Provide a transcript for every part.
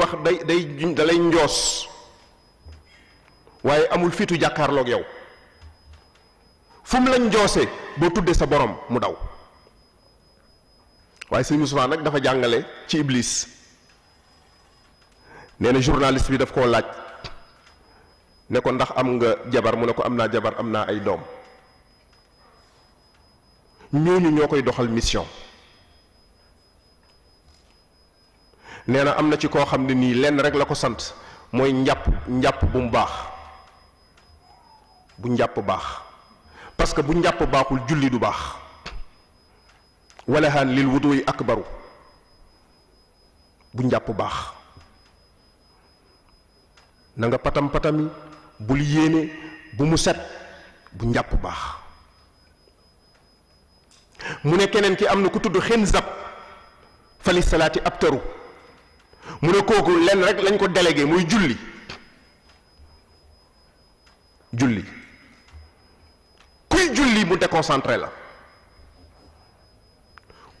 wax day day dalay njoos waaye amul fitu jàkkaarlook yow fu mu lañ njoose boo tuddee sa borom mu daw waaye sëñ Moussa nag dafa jàngale ci Iblis nee na journaliste bi daf koo laaj ne ko ndax am nga jabar mu ne ko am naa jabar am naa ay doom ñooñu ñoo koy doxal mission nee na am na ci koo xam ne nii lenn rek la ko sant mooy njàpp njàpp bu mu baax bu njàpp baax parce que bu njàpp baaxul julli du baax walahaan lil wudu ak akbaru bu njàpp baax na nga patam patami bul yéene bu mu set bu njàpp baax mu ne keneen ki am na ku tudd xinzab fali salaati abtaru mu ne kooku lenn rek lañ ko délégué muy julli julli kuy julli mu déconcentré la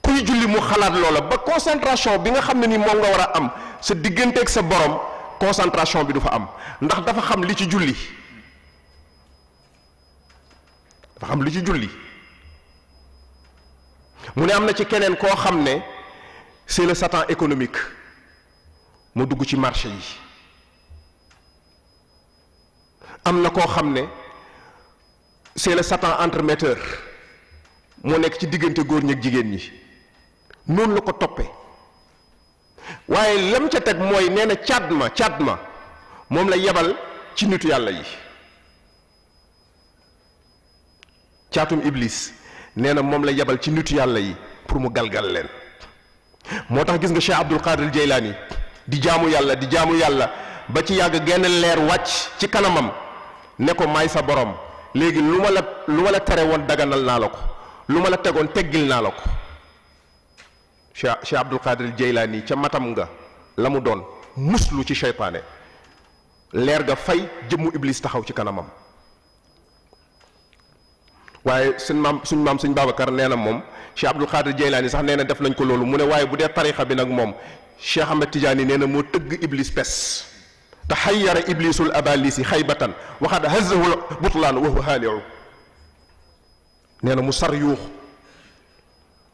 kuy julli mu xalaat loola ba concentration bi nga xam ne ni moom nga war a am sa diggante digganteeg sa borom concentration bi du fa am ndax dafa xam li ci julli dafa xam li ci julli mu ne am na ci keneen koo xam ne c'est le satan économique mu dugg ci marché yi am na koo xam ne c'est le satan entremetteur moo nekk ci diggante góor ñi ak jigéen ñi noonu la ko toppe waaye lam ca teg mooy nee na caat ma caat ma moom la yebal ci nitu yàlla yi caatum iblis nee na moom la yebal ci nitu yàlla yi pour mu galgal leen moo tax gis nga Cheikh Abdul Qadir Jeylaani di jaamu yàlla di jaamu yàlla ba ci yàgg genn leer wàcc ci kanamam ne ko maay sa borom léegi lu ma la lu ma la tere woon daganal naa la ko lu ma la tegoon teggil naa la ko Cheikh Abdul Qadir Jeylaani ca matam nga la mu doon muslu ci seytaane leer ga fay jëmmu iblis taxaw ci kanamam waaye suñ maam suñ maam suñ Babacar nee na moom Cheikh Abdul Xaadir Jeylaani sax nee na def nañ ko loolu mu ne waaye bu dee tarixa bi nag moom Cheikh Ahmed Tidiane nee na moo tëgg Iblis pes te xayyara Iblisul abalisi xaybatan waxaat hazahul butlaan wa huwa haaliu nee na mu sar yuux